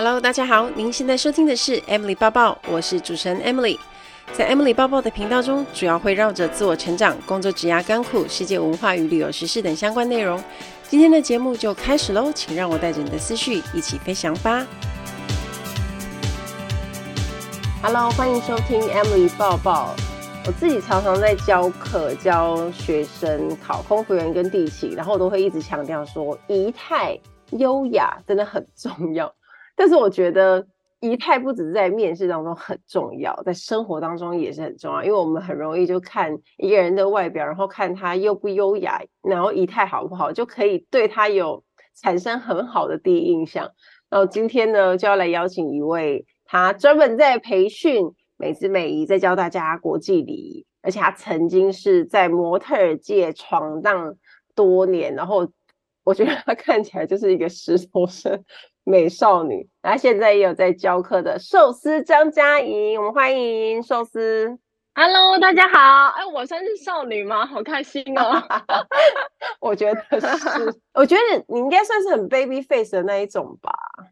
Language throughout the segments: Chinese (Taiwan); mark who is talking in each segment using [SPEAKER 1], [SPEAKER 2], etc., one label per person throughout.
[SPEAKER 1] Hello，大家好，您現在收聽的是 Emily 報報，我是主持人 Emily。在 Emily 報報的頻道中，主要會繞着自我成長、工作、職涯、甘苦、世界文化與旅遊時事等相關內容。今天的節目就開始嘍，請讓我帶着你的思緒一起飛翔吧。Hello，歡迎收聽 Emily 報報。我自己常常在教課、教學生考空服員跟地勤，然後我都會一直強調說，儀態優雅真的很重要。但是我覺得儀態不只是在面試當中很重要，在生活當中也是很重要。因為我們很容易就看一個人的外表，然後看他優不優雅，然後儀態好不好，就可以對他有產生很好的第一印象。然後今天呢，就要來邀請一位，他專門在培訓美姿美儀，在教大家國際禮儀，而且他曾經是在模特兒界闖蕩多年，然後我覺得他看起來就是一個十頭身。美少女，然、啊、後現在也有在教課的壽司張佳瑩，我們歡迎壽司。
[SPEAKER 2] Hello，大家好，欸，我算是少女嗎？好開心哦。 我覺
[SPEAKER 1] 得是， 我覺得你應該算是很 baby face 的那一種吧？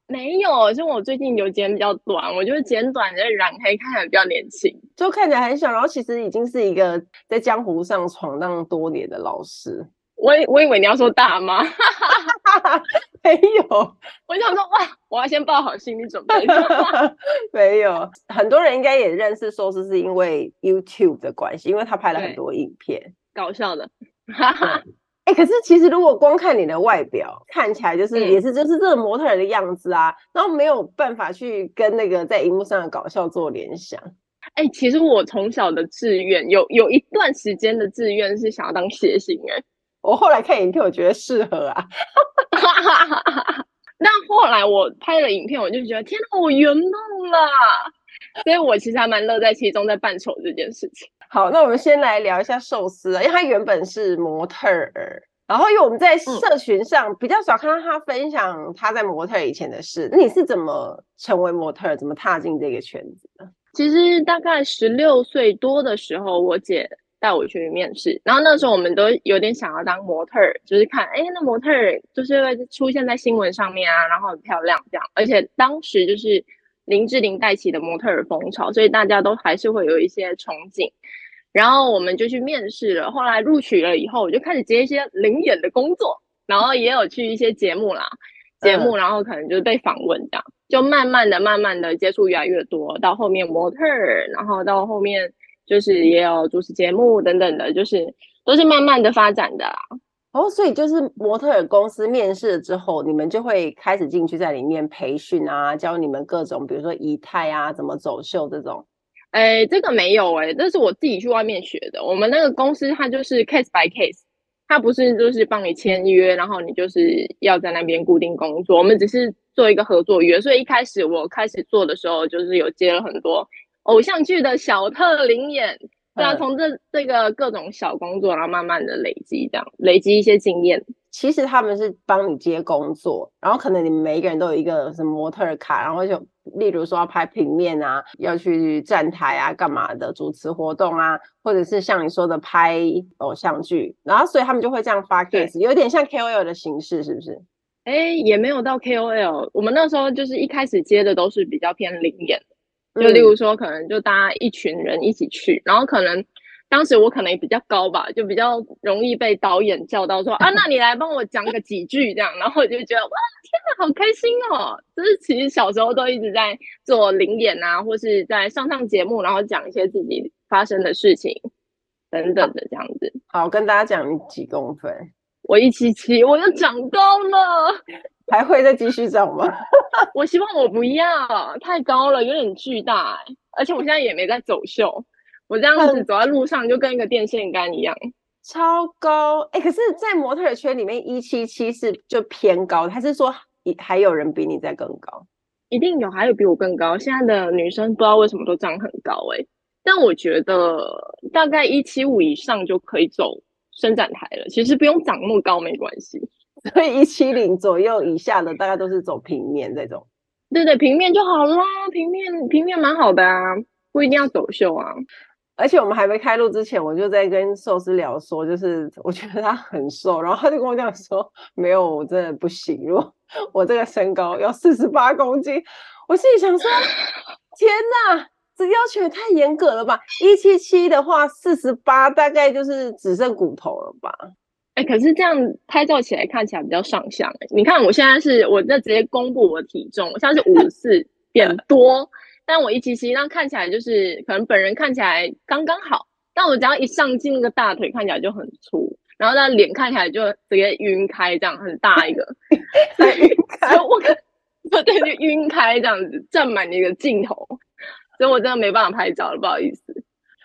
[SPEAKER 2] 沒有，因為我最近有剪比較短，我就是剪短的染黑，看起來比較年
[SPEAKER 1] 輕，就看起來很小。然後其實已經是一個在江湖上闖蕩多年的老師。
[SPEAKER 2] 我以我以為你要說大媽，哈哈哈哈 沒有，我想說哇，我要先抱好心理準備。
[SPEAKER 1] 沒有，很多人應該也認識，說是因為 YouTube 的關係，因為他拍了很多影片，
[SPEAKER 2] 搞笑的。哈
[SPEAKER 1] 哈、欸，可是其實如果光看你的外表，看起來就是也是就是這個模特兒的樣子啊、嗯，然後沒有辦法去跟那個在熒幕上的搞笑做聯想。
[SPEAKER 2] 哎、欸，其實我從小的志願有有一段時間的志願是想要當諧星哎。
[SPEAKER 1] 我後來看影片，我覺得適合啊 。
[SPEAKER 2] 那後來我拍了影片，我就覺得天哪，我圓夢了。所以我其實還蠻樂在其中，在扮醜這件事情。好，那我們先來聊一下
[SPEAKER 1] 壽司啊，因為他原本是模特兒，然後因為我們在社群上比較少看到他分享他在模特兒以前的事。那你是怎麼成為模特兒，怎麼踏進這個圈子
[SPEAKER 2] 的？其實大概十六歲多的時候，我姐。在我去面試，然後那時候我們都有點想要當模特兒，就是看哎，那模特兒就是出現在新聞上面啊，然後很漂亮這樣。而且當時就是林志玲帶起的模特兒風潮，所以大家都還是會有一些憧憬。然後我們就去面試了，後來錄取了以後，我就開始接一些零演的工作，然後也有去一些節目啦， 節目，然後可能就是被訪問這樣，就慢慢的、慢慢的接觸越來越多，到後面模特兒，然後到後面。就是也有主持節目等等的，就是都是慢慢的發展的
[SPEAKER 1] 啦。哦，所以就是模特公司面試了之後，你們就會開始進去在裡面培訓啊，教你們各種，比如說儀態啊，怎麼走秀這種。哎、欸，
[SPEAKER 2] 這個沒有哎、欸，那是我自己去外面學的。我們那個公司它就是 case by case，它不是就是幫你簽約，然後你就是要在那邊固定工作。我們只是做一個合作約，所以一開始我開始做的時候，就是有接了很多。偶像劇的小特臨演、嗯，對要、啊、從這這個各種小工作，然後慢慢的累積，這樣
[SPEAKER 1] 累積一些經驗。其實他們是幫你接工作，然後可能你每一個人都有一個什麼模特卡，然後就例如說要拍平面啊，要去站台啊，幹嘛的主持活動啊，或者是像你說的拍偶像劇，然後所以他們就會這樣發 case，有點像 KOL 的形式，是不是？
[SPEAKER 2] 哎、欸，也沒有到 KOL，我們那時候就是一開始接的都是比較偏臨演。就例如說，可能就大家一群人一起去，嗯、然後可能當時我可能也比較高吧，就比較容易被導演叫到說，說 啊，那你來幫我講個幾句這樣，然後我就覺得哇，天哪，好開心哦！就是其實小時候都一直在做臨演啊，或是在上上節目，然後講一些自己發生的事情等等的這樣子。
[SPEAKER 1] 好，跟大家講幾公分。
[SPEAKER 2] 我一七七，我又長高了，還會再繼續長嗎？ 我希望我不要太高了，有點巨大哎、欸。而且我現在也沒在走秀，我這樣子走在路上就跟一個電線杆一樣， 超高哎、欸。
[SPEAKER 1] 可是，在模特圈裡面，一七七是就偏高，還是說還還有人比你
[SPEAKER 2] 在更高？一定有，還有比我更高。現在的女生不知道為什麼都長很高哎、欸，但我覺得大概一七五以上就可以走。伸展台了，其實不用長那麼高沒關係，
[SPEAKER 1] 所以一七零左右以下的，大概都是走平面這種。
[SPEAKER 2] 對對，平面就好啦，平面平面蠻好的啊，不一定要走秀
[SPEAKER 1] 啊。而且我們還沒開錄之前，我就在跟壽司聊說，就是我覺得他很瘦，然後他就跟我講說，沒有，我真的不行，如果我這個身高要四十八公斤，我自己想說， 天哪。這要求也太嚴格了吧？一七七的話，四十八大概就是只剩骨頭了吧？
[SPEAKER 2] 哎、欸，可是這樣拍照起來看起來比較上相、欸。你看我現在是我在直接公布我的體重，我現在是五四點多， 但我一七七，那看起來就是可能本人看起來剛剛好，但我只要一上鏡，那個大腿看起來就很粗，然後那臉看起來就直接暈開，這樣很大一個， 還暈開 我，我不對，就暈開這樣子，站滿你的鏡頭。所以我真的沒辦法拍照了，不好意思。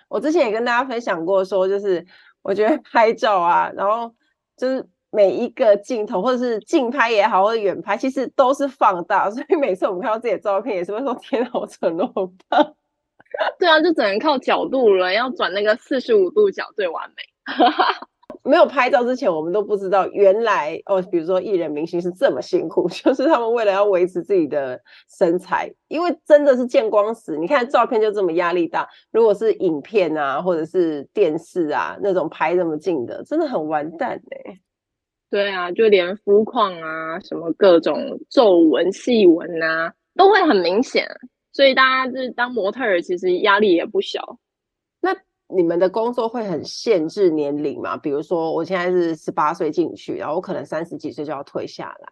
[SPEAKER 1] 我之前也跟大家分享過說，說就是我覺得拍照啊，然後就是每一個鏡頭或者是近拍也好，或者遠拍，其實都是放大，所以每次我們看到自己的照片，也是會說天，我怎麼那麼大？
[SPEAKER 2] 對啊，就只能靠角度了，要轉那個四十五度角最完美。 沒有拍照之
[SPEAKER 1] 前，我們都不知道原來哦，比如說藝人明星是這麼辛苦，就是他們為了要維持自己的身材，因為真的是見光死。你看照片就這麼壓力大，如果是影片啊，或者是電視啊那種拍這麼近的，真的很完蛋
[SPEAKER 2] 哎欸。對啊，就連膚況啊，什麼各種皺紋細紋啊，都會很明顯。所以大家就是當模特兒，其實壓力也不小。
[SPEAKER 1] 你們的工作會很限制年齡嗎？比如說，我現在是十八歲進去，然後我可能三十幾歲就要退下來。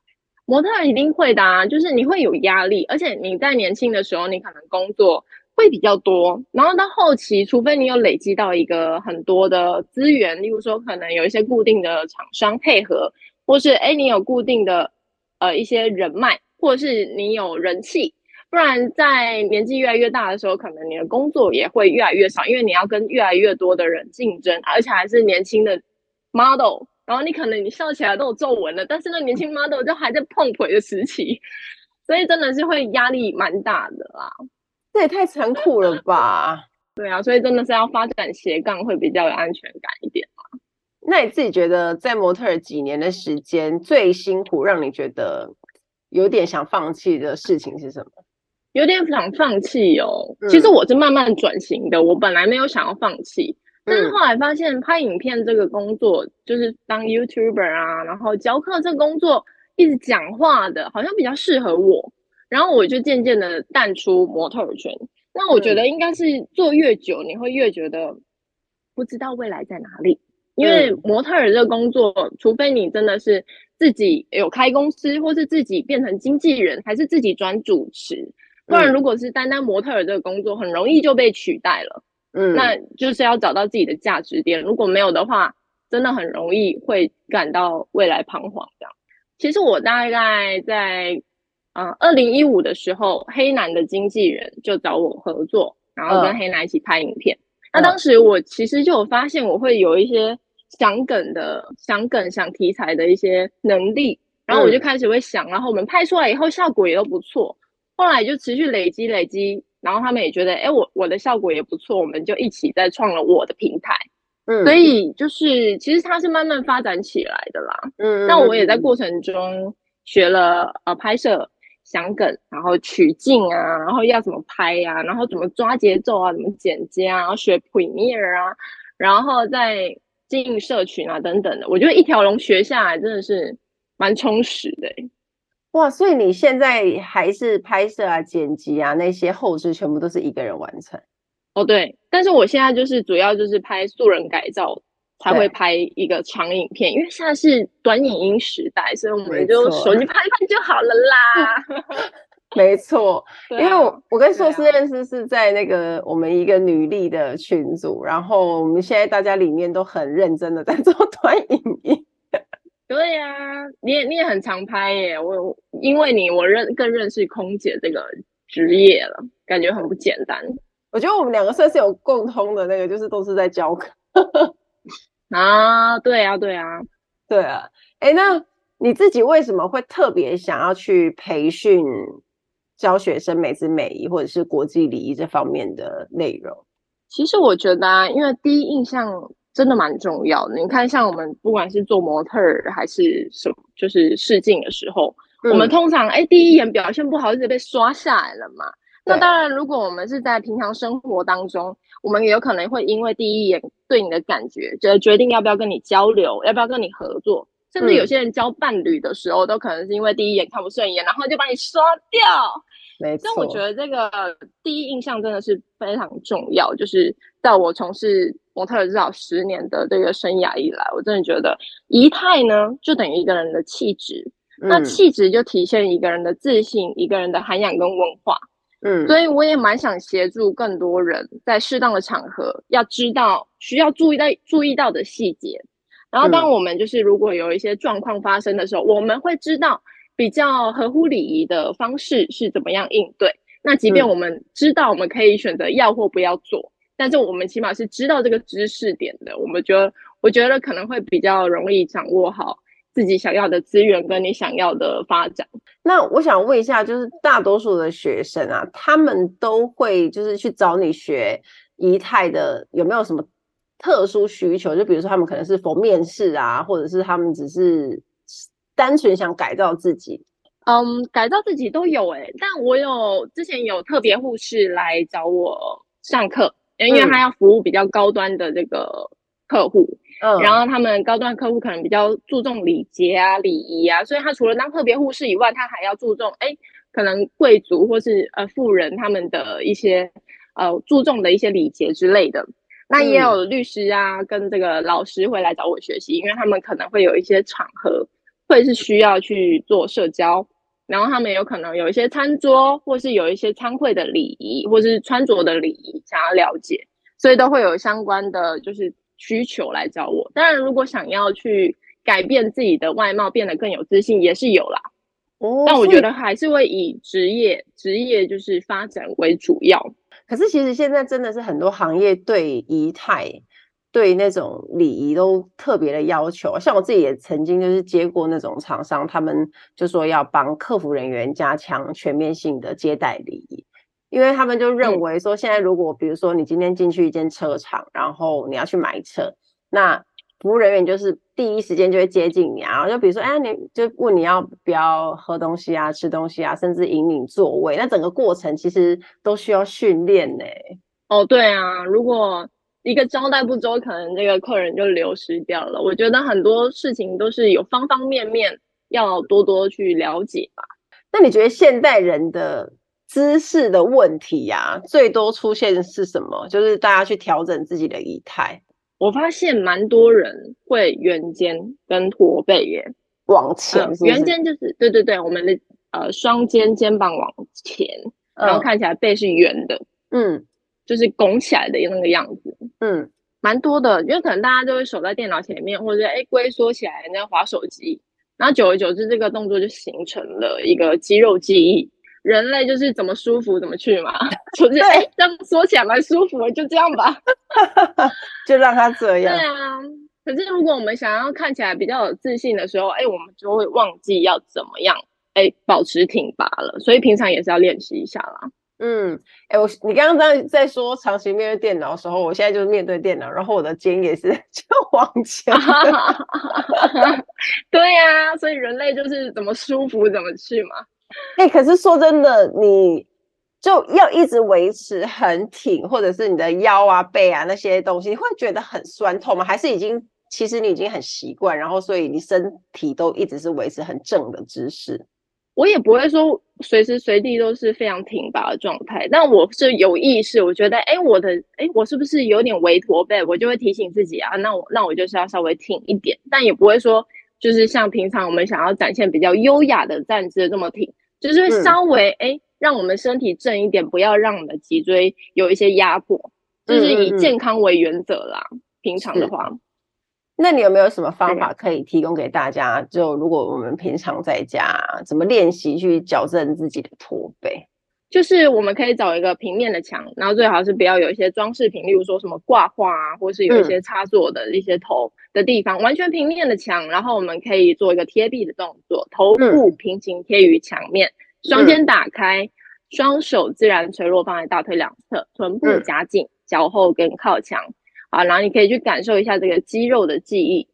[SPEAKER 2] 模特一定會的啊，就是你會有壓力，而且你在年輕的時候，你可能工作會比較多，然後到後期，除非你有累積到一個很多的資源，例如說可能有一些固定的廠商配合，或是誒，你有固定的呃一些人脈，或者是你有人氣。不然，在年紀越來越大的時候，可能你的工作也會越來越少，因為你要跟越來越多的人競爭，而且還是年輕的 model。然後你可能你笑起來都有皺紋了，但是那年輕 model 就還在碰腿的時期，所以真的是會壓力蠻大的啦。
[SPEAKER 1] 這也太殘酷了吧？
[SPEAKER 2] 對啊，所以真的是要發展斜槓會比較有安全感一點嘛、啊？
[SPEAKER 1] 那你自己覺得，在模特兒幾年的時間最辛苦，讓你覺得有點想放棄的事情是什麼？
[SPEAKER 2] 有點想放棄哦、嗯。其實我是慢慢轉型的，我本來沒有想要放棄、嗯，但是後來發現拍影片這個工作，就是當 YouTuber 啊，然後教課這個工作，一直講話的，好像比較適合我。然後我就漸漸的淡出模特兒圈。嗯、那我覺得應該是做越久，你會越覺得不知道未來在哪裡，嗯、因為模特兒這個工作、嗯，除非你真的是自己有開公司，或是自己變成經紀人，還是自己轉主持。不然，如果是單單模特兒這個工作、嗯，很容易就被取代了。嗯，那就是要找到自己的價值點。如果沒有的話，真的很容易會感到未來彷徨。這樣，其實我大概在呃二零一五的時候，黑男的經紀人就找我合作，然後跟黑男一起拍影片。呃、那當時我其實就有發現，我會有一些想梗的想梗想題材的一些能力，然後我就開始會想，嗯、然後我們拍出來以後效果也都不錯。後來就持續累積累積，然後他們也覺得，哎，我我的效果也不錯，我們就一起再創了我的平台。嗯，所以就是其實它是慢慢發展起來的啦。嗯，那我也在過程中學了呃拍攝、想梗，然後取景啊，然後要怎麼拍呀，然後怎麼抓節奏啊，怎麼剪接啊，然後學 Premiere 啊，然後再經營社群啊等等的，我覺得一條龍學下來真的是蠻充實的欸。
[SPEAKER 1] 哇，所以你現在還是拍攝啊、剪輯啊那些後製全部都是一個人完成
[SPEAKER 2] 哦？對，但是我現在就是主要就是拍素人改造，才會拍一個長影片，因為現在是短影音時代，所以我們就手機拍拍就好了啦。
[SPEAKER 1] 沒錯， 沒錯 因為我、啊、我跟壽司認識是在那個我們一個女力的群組，然後我們現在大家裡面都很認真的在做短影音。
[SPEAKER 2] 對呀、啊，你也你也很常拍耶，我因為你我認更認識空姐這個職業了，感覺很不簡單。
[SPEAKER 1] 我覺得我們兩個算是有共通的那個，就是都是在教課
[SPEAKER 2] 啊。對啊，對啊，
[SPEAKER 1] 對啊。誒，那你自己為什麼會特別想要去培訓教學生美姿美儀或者是國際禮儀這方面的內容？
[SPEAKER 2] 其實我覺得啊，因為第一印象。真的蠻重要的。你看，像我們不管是做模特兒還是什麼，就是試鏡的時候，嗯，我們通常哎、欸、第一眼表現不好，直接被刷下來了嘛。那當然，如果我們是在平常生活當中，我們也有可能會因為第一眼對你的感覺，覺得決定要不要跟你交流，要不要跟你合作。甚至有些人交伴侶的時候，嗯、都可能是因為第一眼看不順眼，然後就把你刷掉。沒錯，但我覺得這個第一印象真的是非常重要。就是在我從事。模特至少十年的這個生涯以來，我真的覺得儀態呢，就等於一個人的氣質，嗯。那氣質就體現一個人的自信、一個人的涵養跟文化。嗯，所以我也蠻想協助更多人，在適當的場合，要知道需要注意到注意到的細節。然後，當我們就是如果有一些狀況發生的時候，嗯，我們會知道比較合乎禮儀的方式是怎麼樣應對。那即便我們知道，我們可以選擇要或不要做。嗯但是我們起碼是知道這個知識點的，我們覺得，我覺得可能會比較容易掌握好自己想要的資源跟你想要的發展。那我想問一下，就是
[SPEAKER 1] 大多數的學生啊，他們都會就是去找你學儀態的，有沒有什麼特殊需求？就比如說他們可能是逢面試啊，或者是他們只是單純想改造自己。
[SPEAKER 2] 嗯，改造自己都有誒、欸，但我有之前有特別護士來找我上課。因為他要服務比較高端的這個客戶，嗯，然後他們高端客戶可能比較注重禮節啊、嗯、禮儀啊，所以他除了當特別護士以外，他還要注重哎，可能貴族或是呃富人他們的一些呃注重的一些禮節之類的。那也有律師啊、嗯，跟這個老師會來找我學習，因為他們可能會有一些場合會是需要去做社交。然後他們有可能有一些餐桌，或是有一些餐會的禮儀，或是穿着的禮儀想要了解，所以都會有相關的就是需求來找我。當然，如果想要去改變自己的外貌，變得更有自信，也是有啦。哦，但我覺得還是會以職業職業就是發展為主要。可是其實現在真的是很多行
[SPEAKER 1] 業對儀態。對那種禮儀都特別的要求，像我自己也曾經就是接過那種廠商，他們就說要幫客服人員加強全面性的接待禮儀，因為他們就認為說，現在如果比如說你今天進去一間車廠，嗯、然後你要去買車，那服務人員就是第一時間就會接近你啊，就比如說哎，你就問你要不要喝東西啊、吃東西啊，甚至引領座位，那整個過程其實都需要訓練呢、欸。
[SPEAKER 2] 哦，對啊，如果。一個招待不周，可能這個客人就流失掉了。我覺得很多事情都是有方方面面要多多去了解吧。
[SPEAKER 1] 那你覺得現代人的姿勢的問題呀、啊，最多出現的是什麼？就是大家去
[SPEAKER 2] 調整自己的儀態。我發現蠻多人會圓肩跟駝背耶，往前是不是？呃、圓肩就是對對對，我們的呃雙肩肩膀往前、嗯，然後看起來背是圓的。嗯。就是拱起來的那個樣子，嗯，蠻多的，因為可能大家就會守在電腦前面，或者哎、龜、欸、縮起來那滑手機，然後久而久之，這個動作就形成了一個肌肉記憶。人類就是怎麼舒服怎麼去嘛，就是哎、欸、這樣縮起來蠻舒服的，就這樣吧， 就讓它這樣。 對啊，可是如果我們想要看起來比較有自信的時候，哎、欸，我們就會忘記要怎麼樣，哎、欸，保持挺拔了。所以平常也是要練習一下啦。
[SPEAKER 1] 嗯，哎、欸，我你剛剛在在說長期面對電腦的時候，我現在就是面對電腦，然後我的肩也是就往前。
[SPEAKER 2] 對呀、啊，所以人類就是怎麼舒服怎麼去嘛。哎、
[SPEAKER 1] 欸，可是說真的，你就要一直維持很挺，或者是你的腰啊、背啊那些東西，你會覺得很酸痛嗎？還是已經其實你已經很習慣，然後所以你身體都一直是維持很正的姿勢？
[SPEAKER 2] 我也不會說隨時隨地都是非常挺拔的狀態，但我是有意識，我覺得，哎，我的，哎，我是不是有點微駝背？我就會提醒自己啊，那我那我就是要稍微挺一點，但也不會說就是像平常我們想要展現比較優雅的站姿那麼挺，就是會稍微哎，讓我們身體正一點，不要讓我們的脊椎有一些壓迫，就是以健康為原則啦。對對對，平常的話。
[SPEAKER 1] 那你有沒有什麼方法可以提供給大家？嗯、就如果我們平常在家怎麼練習去矯正自己的駝背，
[SPEAKER 2] 就是我們可以找一個平面的牆，然後最好是不要有一些裝飾品，例如說什麼掛畫啊，或是有一些插座的一些頭的地方，嗯、完全平面的牆。然後我們可以做一個貼壁的動作，頭部平行貼於牆面，嗯、雙肩打開，雙手自然垂落放在大腿兩側，臀部夾緊，嗯、腳後跟靠牆。好，然後你可以去感受一下這個肌肉的記憶，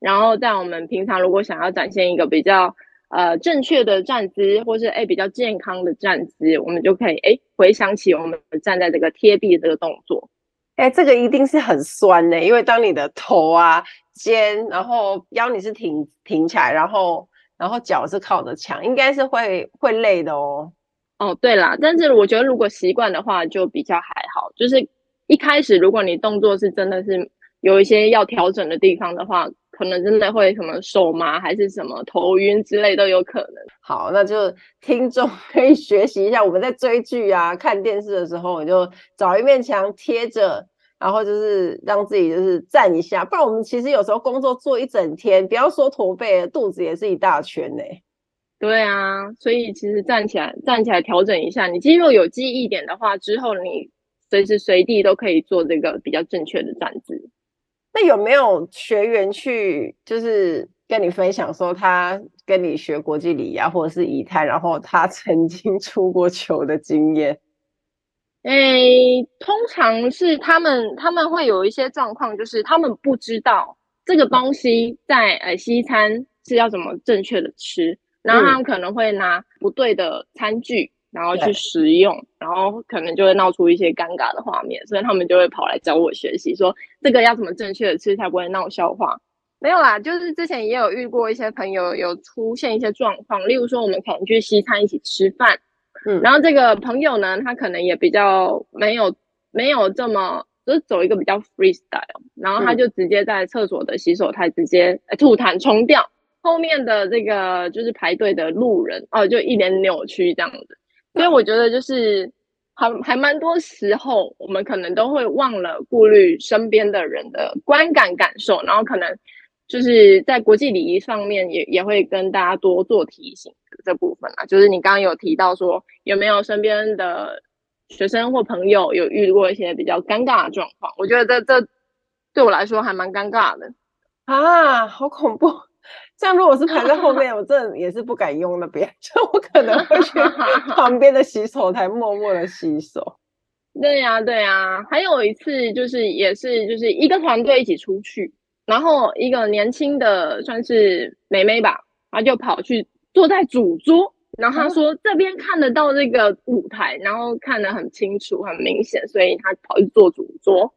[SPEAKER 2] 然後在我們平常如果想要展現一個比較呃正確的站姿，或是哎比較健康的站姿，我們就可以哎回想起我們站在這個貼壁這個動作，
[SPEAKER 1] 哎，這個一定是很酸的，欸，因為當你的頭啊肩，然後腰你是挺挺起來，然後然後腳是靠着牆，應該是會會累的
[SPEAKER 2] 哦。哦，對啦，但是我覺得如果習慣的話就比較還好，就是。一開始，如果你動作是真的是有一些要調整的地方的話，可能真的會什麼手麻還是什麼頭暈之類都有可能。好，那就聽眾可以
[SPEAKER 1] 學習一下，我們在追劇啊、看電視的時候，你就找一面牆貼着，然後就是讓自己就是站一下。不然我們其實有時候工作做一整天，不要說駝背，肚子也是一大圈呢、欸。
[SPEAKER 2] 對啊，所以其實站起來，站起來調整一下，你肌肉有記憶點的話，之後你。隨時隨地都可以做這個比較正確的站姿。
[SPEAKER 1] 那有沒有學員去就是跟你分享說他跟你學國際禮儀啊或者是儀態，然後他曾經出過糗的經驗？
[SPEAKER 2] 誒、欸，通常是他們他們會有一些狀況，就是他們不知道這個東西在、嗯、呃西餐是要怎麼正確的吃，然後他們可能會拿不對的餐具。嗯然後去食用，然後可能就會鬧出一些尷尬的畫面，所以他們就會跑來找我學習，說這個要怎麼正確的吃才不會鬧笑話。沒有啦，就是之前也有遇過一些朋友有出現一些狀況，例如說我們可能去西餐一起吃飯，嗯，然後這個朋友呢，他可能也比較沒有沒有這麼，就是走一個比較 freestyle，然後他就直接在廁所的洗手台直接吐痰、嗯、沖掉，後面的這個就是排隊的路人哦，就一臉扭曲這樣子。所以我覺得就是還，還還蠻多時候，我們可能都會忘了顧慮身邊的人的觀感感受，然後可能就是在國際禮儀上面也也會跟大家多做提醒的這部分啊。就是你剛剛有提到說，有沒有身邊的學生或朋友有遇過一些比較尷尬的狀況？我覺得這這對我來說還蠻尷尬的啊，好恐
[SPEAKER 1] 怖。但如果是排在後面， 我這也是不敢用那邊，就我可能會去旁邊的洗手台默默的洗手。
[SPEAKER 2] 對呀，對呀。還有一次，就是也是就是一個團隊一起出去，然後一個年輕的算是妹妹吧，她就跑去坐在主桌，然後她說這邊看得到這個舞台，然後看得很清楚，很明顯，所以她跑去坐主桌。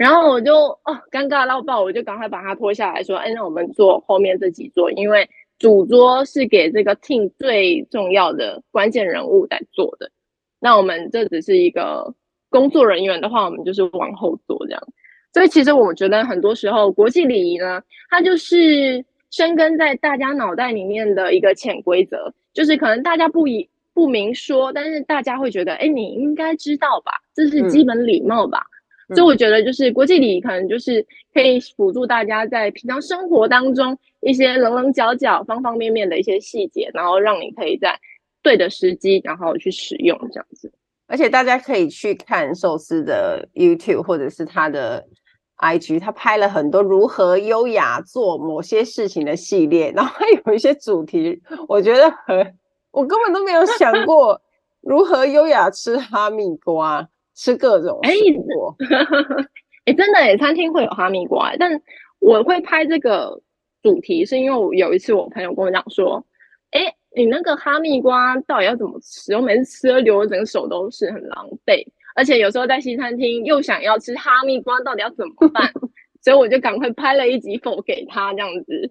[SPEAKER 2] 然後我就哦，尷尬到爆！我就趕快把它脫下來說：“哎，那我們坐後面這幾座，因為主桌是給這個 team 最重要的關鍵人物在坐的。那我們這只是一個工作人員的話，我們就是往後坐這樣。所以其實我覺得很多時候國際禮儀呢，它就是深根在大家腦袋裡面的一個潛規則，就是可能大家不以不明說，但是大家會覺得：哎，你應該知道吧，這是基本禮貌吧。”嗯所以我覺得，就是國際禮可能就是可以輔助大家在平常生活當中一些稜稜角角、方方面面的一些細節，然後讓你可以在對的時機，然後去使用這樣子。
[SPEAKER 1] 而且大家可以去看壽司的 YouTube 或者是他的 IG，他拍了很多如何優雅做某些事情的系列，然後還有一些主題，我覺得很，我根本都沒有想過
[SPEAKER 2] 如何優雅吃哈密瓜。 吃各種水，哎、欸，真的、欸，哎，餐廳會有哈密瓜、欸，但我會拍這個主題，是因為我有一次我朋友跟我講說，哎、欸，你那個哈密瓜到底要怎麼吃？我每次吃了留整個手都是很狼狽，而且有時候在西餐廳又想要吃哈密瓜，到底要怎麼辦？ 所以我就趕快拍了一集否給他這樣子。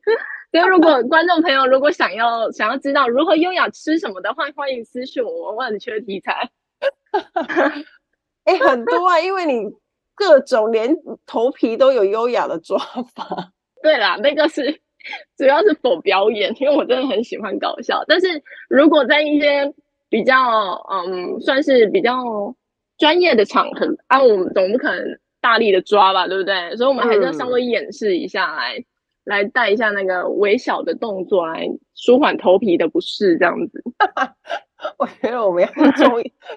[SPEAKER 2] 所以如果 觀眾朋友如果想要想要知道如何優雅吃什麼的話，歡迎私信我，我很缺題材。 哎、 欸，很多啊，因為你各
[SPEAKER 1] 種連頭皮都有優雅的抓法。
[SPEAKER 2] 對啦，那個是主要是否表演，因為我真的很喜歡搞笑。但是如果在一些比較嗯，算是比較專業的場合啊，我們總不可能大力的抓吧，對不對？所以我們還是要稍微演示一下來、嗯，來來帶一下那個微小的動作，來舒緩頭皮的不適，這樣子。 我覺得我
[SPEAKER 1] 們要重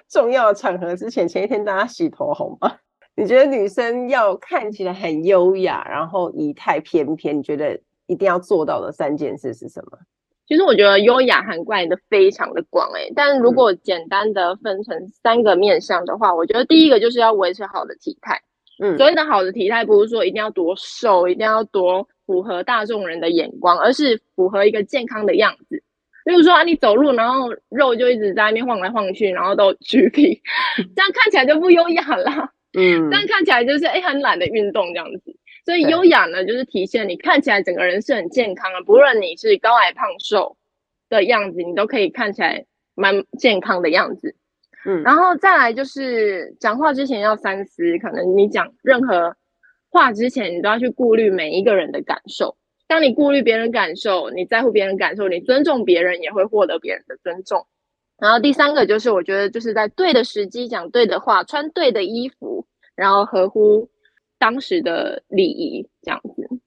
[SPEAKER 1] 重要的場合之前，前一天大家洗頭紅、好嗎？你覺得女生要看起來很優雅，然後儀態翩翩，你覺得一定要做到的三件事是什麼？
[SPEAKER 2] 其實我覺得優雅涵蓋的非常的廣哎、欸，但如果簡單的分成三個面向的話、嗯，我覺得第一個就是要維持好的體態、嗯。所謂的好的體態，不是說一定要多瘦，一定要多符合大眾人的眼光，而是符合一個健康的樣子。例如說啊，你走路，然後肉就一直在那邊晃來晃去，然後都鞠躬，這樣看起來就不優雅啦。嗯，這樣看起來就是哎，很懶得運動這樣子。所以優雅呢，就是體現你看起來整個人是很健康的，不論你是高矮胖瘦的樣子，你都可以看起來蠻健康的樣子。嗯，然後再來就是講話之前要三思，可能你講任何話之前，你都要去顧慮每一個人的感受。當你顧慮別人感受，你在乎別人感受，你尊重別人，也會獲得別人的尊重。然後第三個就是，我覺得就是在對的時機講對的話，穿對的衣服，然後合乎當時的禮儀，這樣子。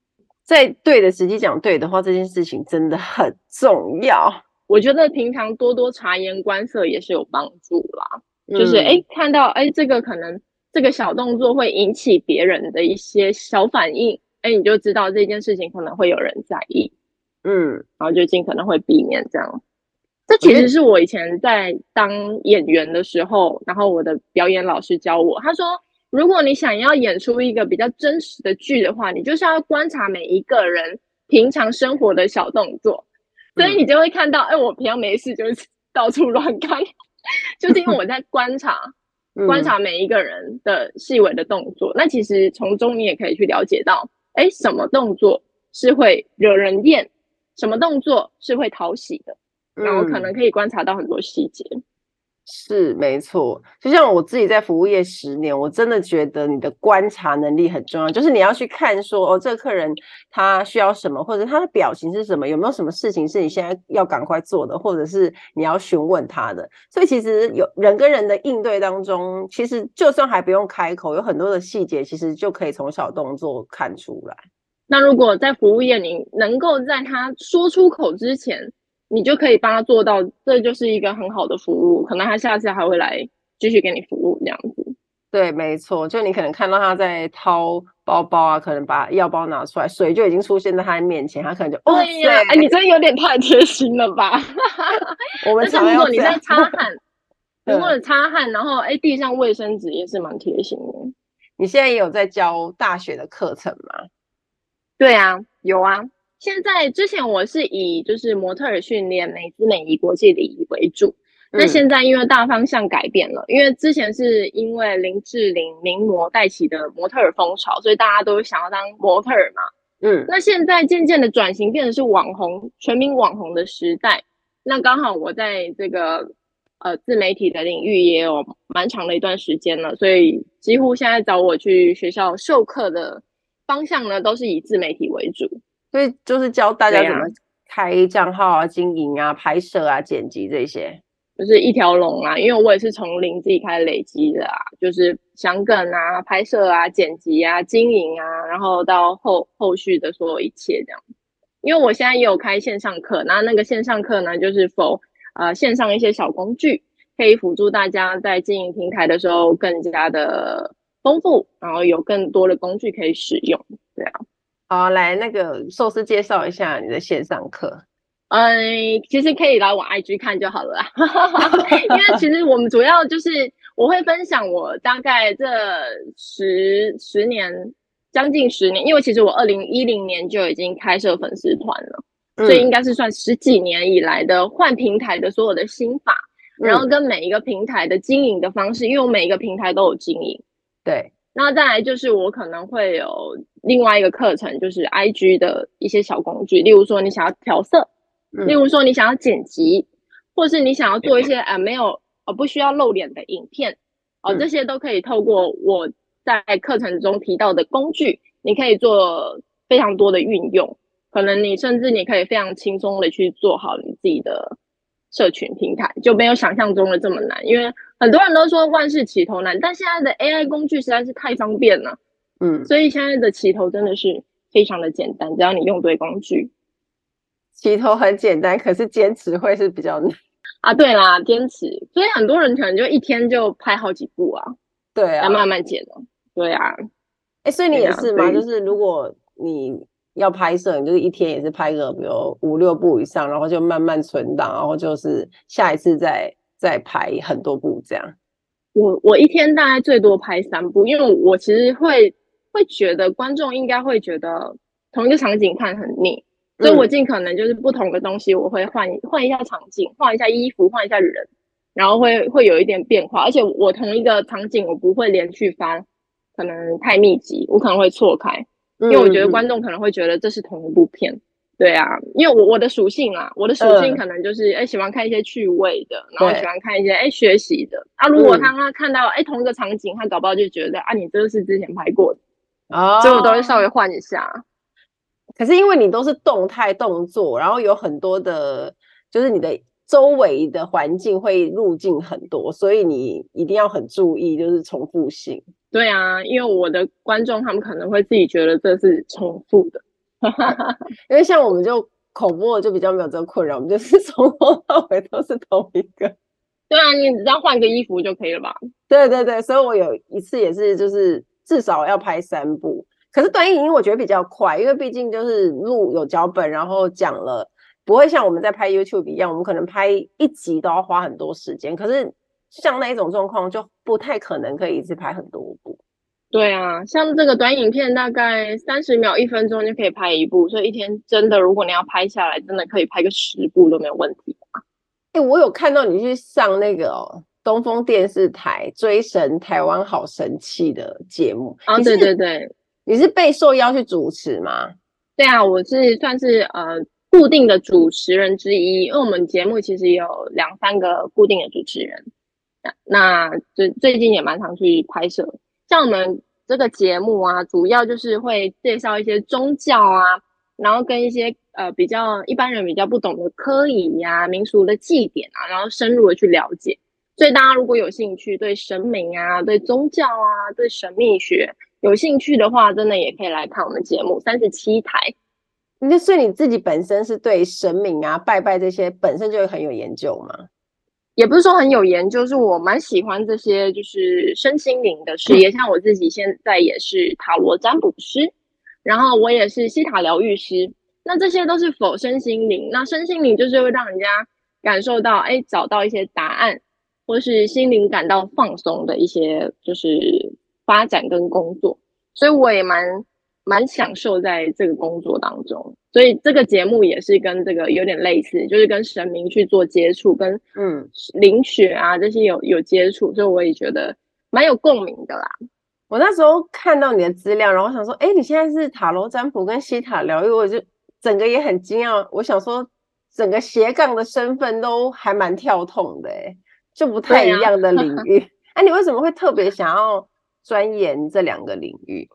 [SPEAKER 1] 在對的時機講對的話，這件事
[SPEAKER 2] 情真的很重要。我覺得平常多多察言觀色也是有幫助啦。嗯。就是哎，看到哎，這個可能這個小動作會引起別人的一些小反應。所以你就知道這件事情可能會有人在意，嗯，然後就盡可能會避免這樣。這其實是我以前在當演員的時候、嗯，然後我的表演老師教我，他說，如果你想要演出一個比較真實的劇的話，你就是要觀察每一個人平常生活的小動作，所以你就會看到，哎、嗯，我平常沒事就是到處亂看，嗯、 就是因為我在觀察、嗯，觀察每一個人的細微的動作。那其實從中你也可以去了解到。哎，什麼動作是會惹人厭？什麼動作是會討喜的？嗯。然後可能可以觀察到很多細節。
[SPEAKER 1] 是，沒錯，就像我自己在服務業十年，我真的覺得你的觀察能力很重要。就是你要去看說，說哦，這個客人他需要什麼，或者他的表情是什麼，有沒有什麼事情是你現在要趕快做的，或者是你要詢問他的。所以其實有人跟人的應對當中，其實就算還不用開口，有很多的細節其實就可以從小動作看出來。
[SPEAKER 2] 那如果在服務業，你能夠在他說出口之前。你就可以幫他做到，這就是一個很好的服務。可能他下次還會來繼續給你服務，這樣子。對，沒錯。就你可能看到他在
[SPEAKER 1] 掏包包啊，可能把藥包拿出來，水就已經出現在他的面前，他可能就呀哦，哎，你
[SPEAKER 2] 真的有點太貼心了吧？ 我們想，如果你在擦汗，或 者擦汗，然後哎，遞上衛生紙也是蠻貼心的。你現在也有在教大學的課程嗎？對啊，有啊。現在之前我是以就是模特兒訓練、美姿美儀、國際禮儀為主。嗯。那現在因為大方向改變了，因為之前是因為林志玲名模帶起的模特兒風潮，所以大家都想要當模特兒嘛。嗯，那現在漸漸的轉型，變成是網紅、全民網紅的時代。那剛好我在這個呃自媒體的領域也有蠻長的一段時間了，所以幾乎現在找我去學校授課的方向呢，都是以自媒體為主。所以就是教大家怎麼
[SPEAKER 1] 開賬號啊、經營啊、拍攝啊、剪輯這些，
[SPEAKER 2] 就是一條龍啊。因為我也是從零自己開始累積的啊，就是想梗啊、拍攝啊、剪輯啊、經營啊，然後到後後續的所有一切這樣。因為我現在也有開線上課，那那個線上課呢，就是否呃線上一些小工具，可以輔助大家在經營平台的時候更加的豐富，然後有更多的工具可以使用，這樣。好，來那個壽
[SPEAKER 1] 司介紹一下你的線上課。
[SPEAKER 2] 嗯、呃，其實可以來我 IG 看就好了，啦， 因為其實我們主要就是我會分享我大概這十十年將近十年，因為其實我二零一零年就已經開設粉絲團了、嗯，所以應該是算十幾年以來的換平台的所有的心法、嗯，然後跟每一個平台的經營的方式，因為我每一個平台都有經營。對，那再來就是我可能會有。另外一個課程就是 IG 的一些小工具，例如說你想要調色、嗯，例如說你想要剪輯，或是你想要做一些、嗯呃、沒有呃、哦，不需要露臉的影片哦、嗯，這些都可以透過我在課程中提到的工具，你可以做非常多的運用。可能你甚至你可以非常輕鬆的去做好你自己的社群平台，就沒有想象中的這麼難。因為很多人都說萬事起頭難，但現在的 AI 工具實在是太方便了。嗯，所以現在的起頭真的是非常的簡單，只要你用對工具，起頭很簡單，可是堅持
[SPEAKER 1] 會是比較難
[SPEAKER 2] 啊。對啦，堅持，所以很多人可能就一天就拍好幾部啊。對啊，要慢慢剪哦。對啊，哎，所以你也是嗎？對啊，就是
[SPEAKER 1] 如果你要拍攝，你就是一天也是拍個比如五六部以上，然後就慢慢存檔，然後就是下一次再再拍很多部這樣。
[SPEAKER 2] 我我一天大概最多拍三部，因為我其實會。會覺得觀眾應該會覺得同一個場景看很膩，嗯、所以我盡可能就是不同的東西，我會換、嗯、換一下場景，換一下衣服，換一下人，然後會會有一點變化。而且我同一個場景我不會連續翻，可能太密集，我可能會錯開，嗯、
[SPEAKER 1] 因為我覺得觀
[SPEAKER 2] 眾可能會覺得這是同一部片。嗯、對啊，因為我我的屬性啊，我的屬性可能就是哎、嗯欸、喜歡看一些趣味的，然後喜歡看一些哎、欸、學習的。啊如果他他看到哎、嗯欸、同一個場景，他搞不好就覺得啊你這個是之前拍過的。啊，所以我都會稍微換一下，
[SPEAKER 1] 可是因為你都是動態動作，然後有很多的，就是你的周圍的環境會入鏡很多，所以你一定要很注意，就是重複性。
[SPEAKER 2] 對啊，因為我的觀眾他們可能會自己覺得這是重複的， 因為像我們就口
[SPEAKER 1] 播就比較沒有這個困擾，我們就是從頭到尾都是同
[SPEAKER 2] 一個。對啊，你只要換個衣服就可以了吧？
[SPEAKER 1] 對對對，所以我有一次也是就是。至少要拍三部，可是短影音，因為我覺得比較快，因為畢竟就是錄有腳本，然後講了，不會像我們在拍 YouTube 一樣，我們可能拍一集都要花很多時間。可是像那一種狀況，就不太可能可以一次拍很多部。
[SPEAKER 2] 對啊，像這個短影片，大概三十秒、一分鐘就可以拍一部，所以一天真的，如果你要拍下來，真的可以拍個十部都沒有問題、
[SPEAKER 1] 啊。哎、欸，我有看到你去上那個、哦。東風電視台追神台灣好神氣的節目啊、Oh！對對對，
[SPEAKER 2] 你是被受邀去主持嗎？對啊，我是算是呃固定的主持人之一，因為我們節目其實有兩三個固定的主持人。那那最最近也蠻常去拍攝，像我們這個節目啊，主要就是會介紹一些宗教啊，然後跟一些呃比較一般人比較不懂的科儀呀、啊、民俗的祭典啊，然後深入的去了解。所以大家如果有興趣，對神明啊、對宗教啊、對神秘學有興趣的話，真的也可以來看我們節目三十七台。那所以你自己本身是對
[SPEAKER 1] 神明啊、拜拜這些本身就很有研究嗎？
[SPEAKER 2] 也不是說很有研究，就是我蠻喜歡這些就是身心靈的事業。像我自己現在也是塔羅占卜師，然後我也是希塔療癒師。那這些都是否身心靈？那身心靈就是會讓人家感受到哎，找到一些答案。或是心靈感到放鬆的一些，就是發展跟工作，所以我也蠻蠻享受在這個工作當中。所以這個節目也是跟這個有點類似，就是跟神明去做接觸，跟嗯靈學啊這些有有接觸，所以我也覺得蠻有共鳴的啦。我那時候看到你的資
[SPEAKER 1] 料，然後想說，哎、欸，你現在是塔羅占卜跟希塔療癒？我就整個也很驚訝。我想說，整個斜槓的身份都還蠻跳痛的誒、欸就不太一樣的領域，那、啊 啊、你為什麼會特別想要鑽研這兩個領域？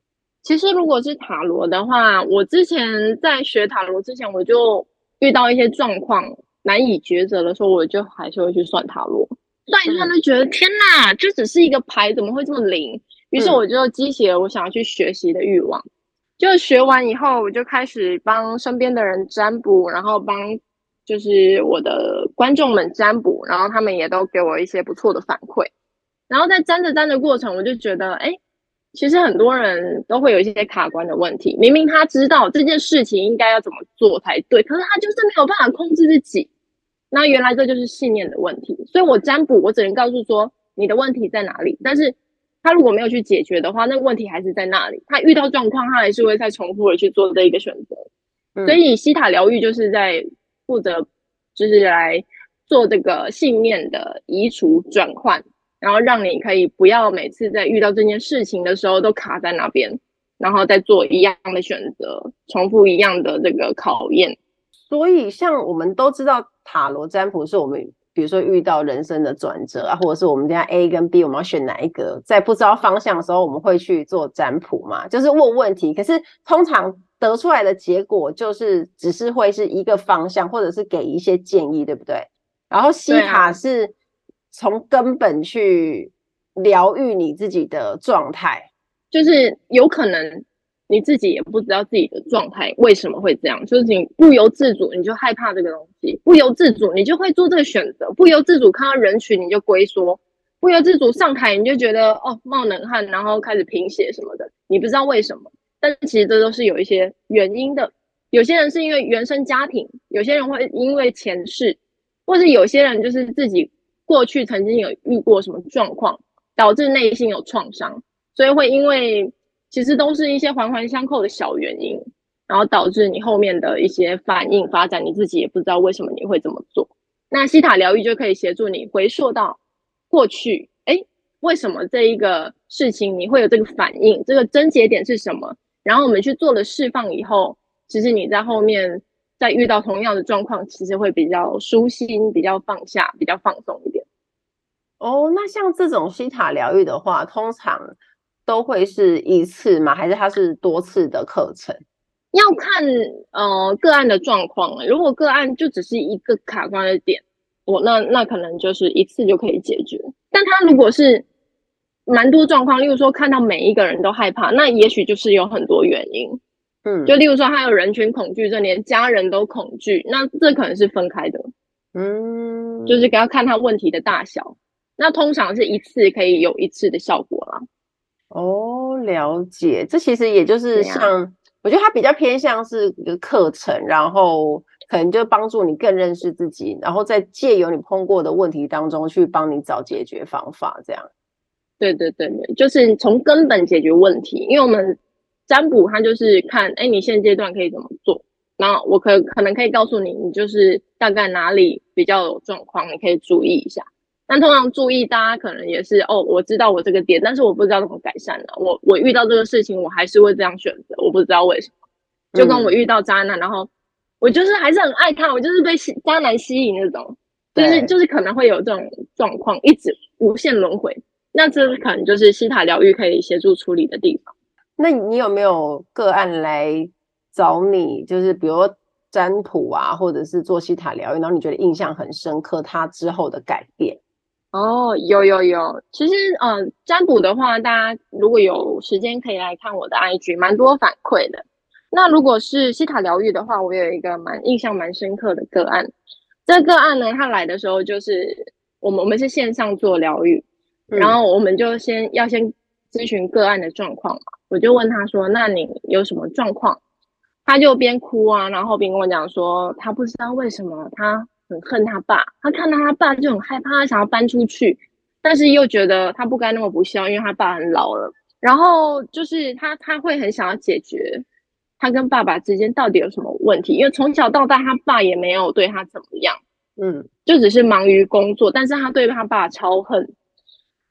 [SPEAKER 2] 其實，如果是塔羅的話，我之前在學塔羅之前，我就遇到一些狀況難以抉擇的時候，我就還是會去算塔羅，算一算就覺得、嗯、天哪，這只是一個牌怎麼會這麼靈？於是我就激起了我想要去學習的慾望、嗯。就學完以後，我就開始幫身邊的人占卜，然後幫。就是我的觀眾們占卜，然後他們也都給我一些不錯的反饋。然後在占着占的過程，我就覺得，誒，其實很多人都會有一些卡關的問題。明明他知道這件事情應該要怎麼做才對，可是他就是沒有辦法控制自己。那原來這就是信念的問題。所以我占卜，我只能告訴說你的問題在哪裡。但是他如果沒有去解決的話，那問題還是在那裡。他遇到狀況，他還是會再重複的去做這一個選擇、嗯。所以希塔療癒就是在。負責就是來做這個信念的移除轉換，然後讓你可以不要每次在遇到這件事情的時候都卡在那邊，然後再做一樣的選擇，重複一樣的這個考驗。所以，
[SPEAKER 1] 像我們都知道塔羅占卜是我們，比如說遇到人生的轉折啊，或者是我們家 A 跟 B 我們要選哪一個，在不知道方向的時候，我們會去做占卜嘛，就是問問題。可是通常，得出來的結果就是，只是會是一個方向，或者是給一些建議，對不對？然後希塔是從根本去療癒你自己的狀態。對
[SPEAKER 2] 啊，就是有可能你自己也不知道自己的狀態為什麼會這樣，就是你不由自主你就害怕這個東西，不由自主你就會做這個選擇，不由自主看到人群你就龜縮，不由自主上台你就覺得哦冒冷汗，然後開始貧血什麼的，你不知道為什麼。但其實這都是有一些原因的，有些人是因為原生家庭，有些人會因為前世，或是有些人就是自己過去曾經有遇過什麼狀況，導致內心有創傷，所以會因為其實都是一些環環相扣的小原因，然後導致你後面的一些反應發展，你自己也不知道為什麼你會這麼做。那希塔療癒就可以協助你回溯到過去，哎，為什麼這一個事情你會有這個反應？這個症結點是什麼？然後我們去做了釋放以後，其實你在後面再遇到同樣的狀況，其實會比較舒心、比較放下、比較放鬆一點。哦，那像這種希塔
[SPEAKER 1] 療癒的話，通常都會是一次嗎？還是它是多次的課程？
[SPEAKER 2] 要看呃個案的狀況了。如果個案就只是一個卡關的點，我那那可能就是一次就可以解決。但它如果是蠻多狀況，例如說看到每一個人都害怕，那也許就是有很多原因。嗯，就例如說他有人群恐懼症，連家人都恐懼，那這可能是分開的。嗯，就是要看他問題的大小。那通常是一次可以有一次的效果啦。
[SPEAKER 1] 哦，了解。這其實也就是像，我覺得它比較偏向是一個課程，然後可能就幫助你更認識自己，然後再藉由你碰過的問題當中去幫你找解決
[SPEAKER 2] 方法，這樣。對對對對，就是從根本解決問題，因為我們占卜它就是看，哎，你現階段可以怎麼做？然後我可可能可以告訴你，你就是大概哪裡比較有狀況，你可以注意一下。但通常注意大家可能也是哦，我知道我這個點，但是我不知道怎麼改善了，啊。我我遇到這個事情，我還是會這樣選擇，我不知道為什麼。就跟我遇到渣男，嗯，然後我就是還是很愛他，我就是被渣男吸引那種，就是就是可能會有這種狀況，一直無限輪回。那這可能就是希塔療癒可以協助處理的地方。那你
[SPEAKER 1] 有沒有個案來找你？就是比如占卜啊，或者是做希塔療癒，然後你覺得印象很深刻，他之後的改變？哦，有
[SPEAKER 2] 有有。其實，嗯、呃，占卜的話，大家如果有時間可以來看我的 IG，蠻多反饋的。那如果是希塔療癒的話，我有一個蠻印象蠻深刻的個案。這個案呢，他來的時候就是我們我們是線上做療癒。然後我們就先要先諮詢個案的狀況嘛，我就問他說：“那你有什麼狀況？”他就邊哭啊，然後邊跟我講說：“他不知道為什麼他很恨他爸，他看到他爸就很害怕，他想要搬出去，但是又覺得他不該那麼不孝，因為他爸很老了。然後就是他他會很想要解決他跟爸爸之間到底有什麼問題，因為從小到大他爸也沒有對他怎麼樣，嗯，就只是忙於工作，但是他對他爸超恨。”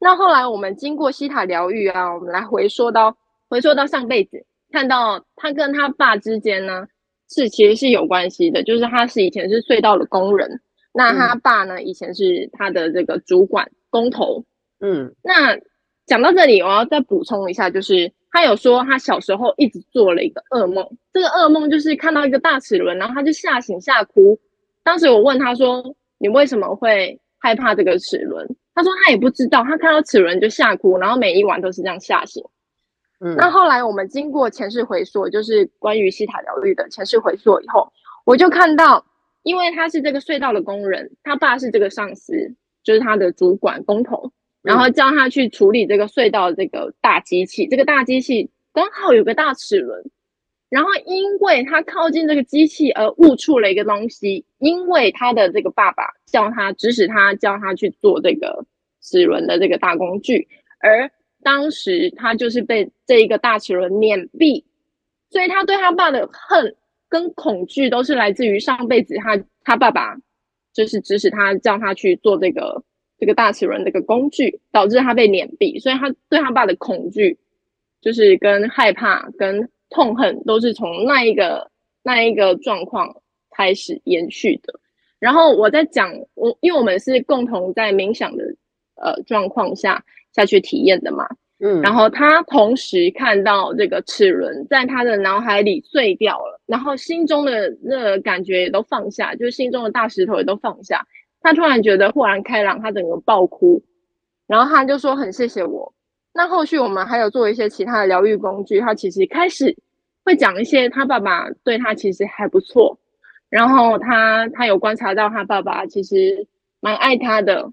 [SPEAKER 2] 那後來我們經過希塔療癒啊，我們來回溯到回溯到上輩子，看到他跟他爸之間呢，是其實是有關係的，就是他是以前是隧道的工人，那他爸呢、嗯、以前是他的這個主管工頭。嗯，那講到這裡，我要再補充一下，就是他有說他小時候一直做了一個噩夢，這個噩夢就是看到一個大齒輪，然後他就嚇醒嚇哭。當時我問他說：“你為什麼會害怕這個齒輪？”他說他也不知道，他看到齒輪就嚇哭，然後每一晚都是這樣嚇醒。嗯，那後來我們經過前世回溯，就是關於希塔療癒的前世回溯以後，我就看到，因為他是這個隧道的工人，他爸是這個上司，就是他的主管工頭，然後叫他去處理這個隧道的這個大機器、嗯，這個大機器剛好有個大齒輪，然後因為他靠近這個機器而誤觸了一個東西，因為他的這個爸爸叫他指使他叫他去做這個。齒輪的這個大工具，而當時他就是被這一個大齒輪碾斃，所以他對他爸的恨跟恐懼都是來自於上輩子他、他爸爸就是指使他叫他去做這個這個大齒輪這個工具，導致他被碾斃，所以他對他爸的恐懼就是跟害怕跟痛恨都是從那一個那一個狀況開始延續的。然後我在講我，因為我們是共同在冥想的。呃，狀況下下去體驗的嘛，嗯，然後他同時看到這個齒輪在他的腦海裡碎掉了，然後心中的那個感覺也都放下，就是心中的大石頭也都放下，他突然覺得豁然開朗，他整個爆哭，然後他就說很謝謝我。那後續我們還有做一些其他的療癒工具，他其實開始會講一些他爸爸對他其實還不錯，然後他他有觀察到他爸爸其實蠻愛他的。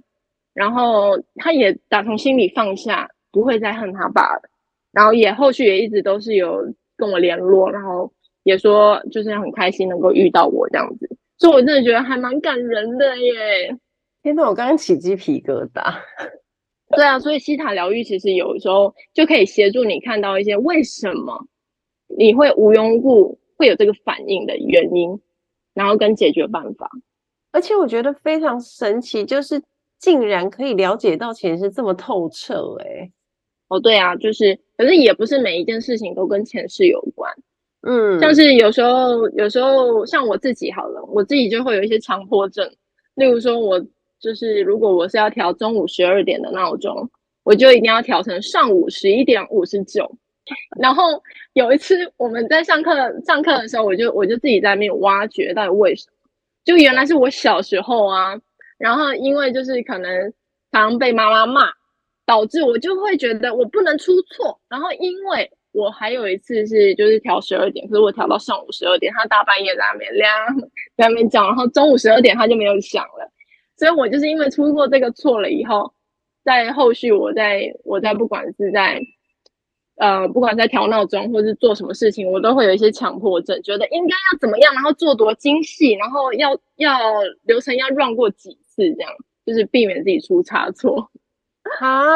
[SPEAKER 2] 然後他也打從心裡放下，不會再恨他爸了。然後也後續也一直都是有跟我聯絡，然後也說就是很開心能夠遇到我這樣子，所以我真的覺得還蠻感人的耶。天哪，我
[SPEAKER 1] 剛剛起雞皮疙瘩。
[SPEAKER 2] 對啊，所以希塔療癒其實有時候就可以協助你看到一些為什麼你會無緣無故會有這個反應的原因，然後跟解決
[SPEAKER 1] 辦法。而且我覺得非常神奇，就是。竟然可以了解到前
[SPEAKER 2] 世這麼透徹。誒、欸、哦，對啊，就是，可是也不是每一件事情都跟前世有關，嗯，像是有時候，有時候像我自己好了，我自己就會有一些強迫症，例如說我，我就是如果我是要調中午十二點的鬧鐘，我就一定要調成上午十一點五十九。然後有一次我們在上課上課的時候，我就我就自己在那邊挖掘到底為什麼，就原來是我小時候啊。然後因為就是可能常被媽媽罵，導致我就會覺得我不能出錯。然後因為我還有一次是就是調十二點，可是我調到上午十二點，他大半夜在那邊亮，在那邊講。然後中午十二點他就沒有響了，所以我就是因為出過這個錯了以後，在後續我在我在不管是在呃不管在調鬧鐘或者是做什麼事情，我都會有一些強迫症，覺得應該要怎麼樣，然後做多精細，然後要要流程要繞過幾次。是這樣，就是避免自己出差錯
[SPEAKER 1] 啊，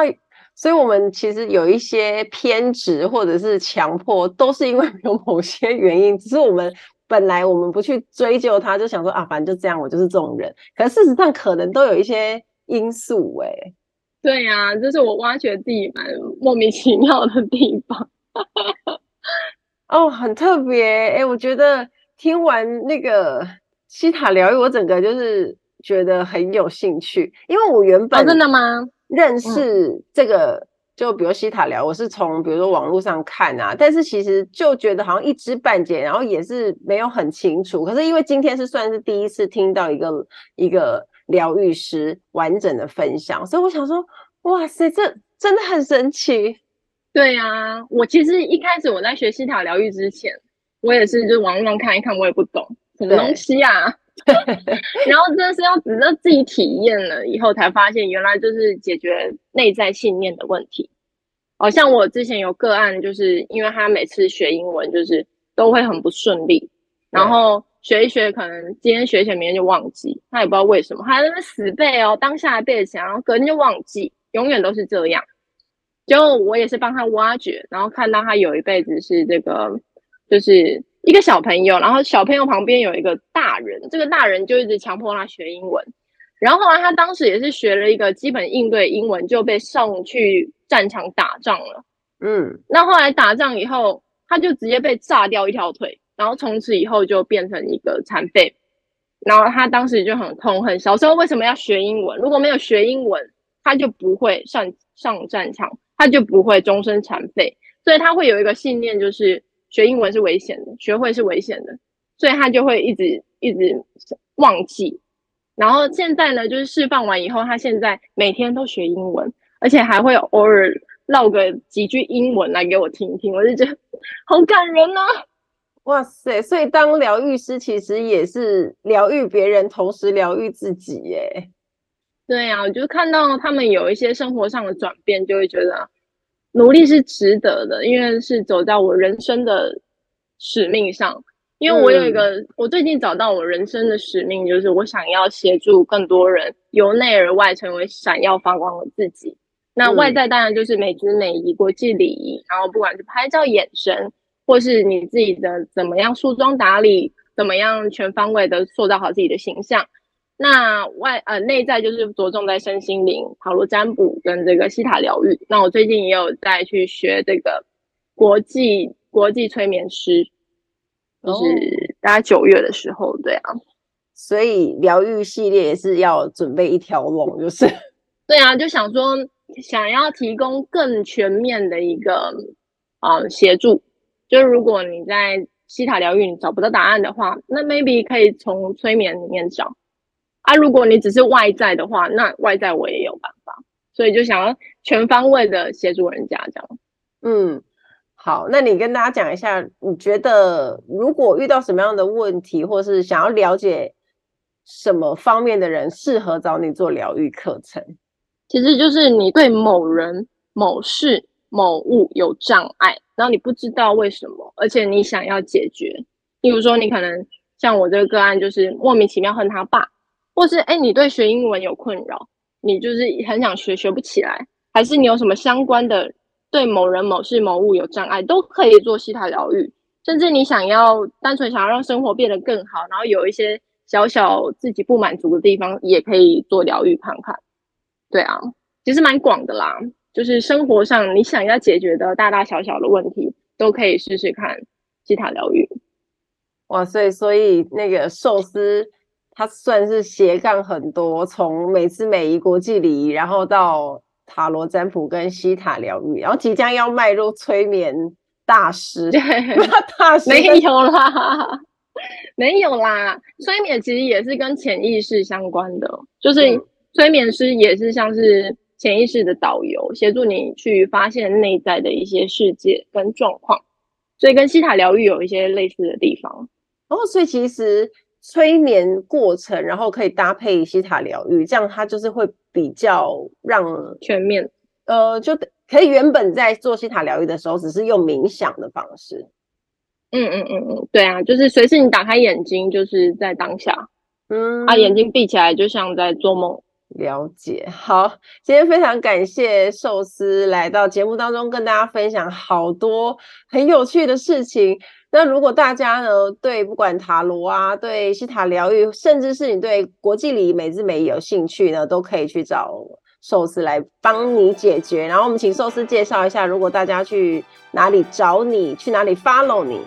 [SPEAKER 1] 所以，我們其實有一些偏執或者是強迫，都是因為有某些原因。只是我們本來我們不去追究他，就想說啊，反正就這樣，我就是這種人。可是事實上，可能都有一些因素、欸。
[SPEAKER 2] 哎，對呀、啊，就是我挖掘自己蠻
[SPEAKER 1] 莫名其妙的地方。 哦，很特別哎、欸，我覺得聽完那個希塔療癒，我整個就是。覺得很有興趣，因為我原本、這個啊、真的嗎？認識這個，就比如希塔療，我是從比如說網絡上看啊，但是其實就覺得好像一知半解，然後也是沒有很清楚。可是因為今天是算是第一次聽到一個一個療癒師完整的分享，所以我想說，
[SPEAKER 2] 哇塞，這真的很神奇。對呀、啊，我其實一開始我在學希塔療癒之前，我也是就網絡上看一看，我也不懂什麼東西啊。 然後真的是要只能自己體驗了以後，才發現原來就是解決內在信念的問題。好、哦、像我之前有個案，就是因為他每次學英文就是都會很不順利，然後學一學，嗯、可能今天學起來明天就忘記。他也不知道為什麼，他在那死背哦，當下背之前，然後隔天就忘記，永遠都是這樣。就我也是幫他挖掘，然後看到他有一輩子是這個，就是。一個小朋友，然後小朋友旁邊有一個大人，這個大人就一直強迫他學英文。然後後來他當時也是學了一個基本應對英文，就被送去戰場打仗了。嗯，那後，後來打仗以後，他就直接被炸掉一條腿，然後從此以後就變成一個殘廢。然後他當時就很痛恨，小時候為什麼要學英文？如果沒有學英文，他就不會上上戰場，他就不會終身殘廢。所以他會有一個信念，就是。學英文是危險的，學會是危險的，所以他就會一直一直忘記。然後現在呢，就是釋放完以後，他現在每天都學英文，而且還會偶爾嘮個幾句英文來給我聽聽，我就覺得好
[SPEAKER 1] 感人啊！哇塞，所以當療癒師其實也是療癒別人，同時療癒自己耶。
[SPEAKER 2] 對啊，我就看到他們有一些生活上的轉變，就會覺得。努力是值得的，因為是走在我人生的使命上。因為我有一個，嗯、我最近找到我人生的使命，就是我想要協助更多人由內而外成為閃耀發光的自己。那外在當然就是美姿美儀、國際禮儀、嗯，然後不管是拍照、眼神，或是你自己的怎麼樣梳妝打理，怎麼樣全方位的塑造好自己的形象。那外呃內在就是着重在身心靈，塔羅占卜跟這個希塔療癒。那我最近也有在去學這個國際國際催眠師，就是大概九月的時候，oh, 對啊。所
[SPEAKER 1] 以療癒系列也是要準備一條龍，就是
[SPEAKER 2] 對啊，就想說想要提供更全面的一個啊協助，就如果你在希塔療癒你找不到答案的話，那 maybe 可以從催眠裡面找。啊，如果你只是外在的話，那外在我也有辦法，所以就想要全方位的協助人家這樣。嗯，好，那你跟大家講一
[SPEAKER 1] 下，你覺得如果遇到什麼樣的問題，或是想要了解什麼方面的人，適合找你做療癒課程？
[SPEAKER 2] 其實就是你對某人、某事、某物有障礙，然後你不知道為什麼，而且你想要解決。例如說，你可能像我這個個案，就是莫名其妙恨他爸。或是，誒，你對學英文有困擾，你就是很想學，學不起來，還是你有什麼相關的對某人、某事、某物有障礙，都可以做希塔療癒。甚至你想要單純想要讓生活變得更好，然後有一些小小自己不滿足的地方，也可以做療癒看看。對啊，其實蠻廣的啦，就是生活上你想要解決的大大小小的問題，都可以試試看希塔療癒。
[SPEAKER 1] 哇塞，所以，所以那個壽司。他算是斜槓很多，從美姿美儀、國際禮儀，然後到塔羅占卜跟希塔療癒，然後即將要邁入催眠大師。
[SPEAKER 2] 大師學的 沒有啦，沒有啦，催眠其實也是跟潛意識相關的，就是催眠師也是像是潛意識的導遊，協助你去發現內在的一些世界跟狀況，所以跟希塔療癒有一些類似的地方。
[SPEAKER 1] 然、哦、後，所以其實。催眠過程，然後可以搭配希塔療癒，這樣它，就是會比較讓全面。呃，就可以原本在做希塔療癒的時候，只是用冥想的方式。
[SPEAKER 2] 嗯嗯嗯嗯，對啊，就是隨時你打開眼睛，就是在當下。嗯啊，眼睛閉起來，就像在做夢。了解。好，今天非常感
[SPEAKER 1] 謝壽司來到節目當中，跟大家分享好多很有趣的事情。那如果大家呢，對不管塔羅啊，對希塔療癒，甚至是你對國際禮儀、美姿美儀有興趣呢，都可以去找壽司來幫你解決。然後我們請壽司介紹一下，如果大家去哪裡找你，去哪裡 follow 你？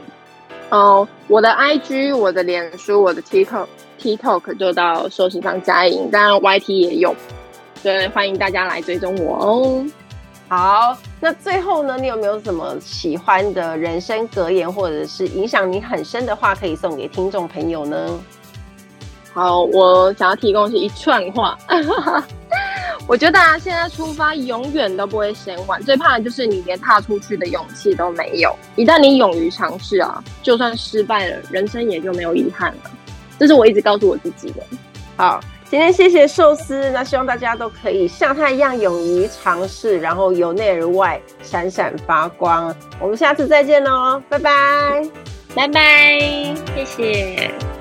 [SPEAKER 2] 哦、oh，我的 IG，我的臉書，我的 TikTok。TikTok 就到壽司張佳瑩，當然 YT 也有，所以歡迎大家來追蹤我
[SPEAKER 1] 哦。好，那最後呢，你有沒有什麼喜歡的人生格言，或者是影響你很深的話，可以送給聽眾朋友呢？好，
[SPEAKER 2] 我想要提供是一串話， 我覺得大、啊、家現在出發，永遠都不會嫌晚，最怕的就是你連踏出去的勇氣都沒有。一旦你勇於嘗試啊，就算失敗了，人生也就沒有遺憾了。這、就是我一直告訴我自己
[SPEAKER 1] 的。好，今天謝謝壽司，那希望大家都可以像他一樣勇於嘗試，然後由內而外閃閃發光。我們下次再見嘍，拜
[SPEAKER 2] 拜，拜拜，謝謝。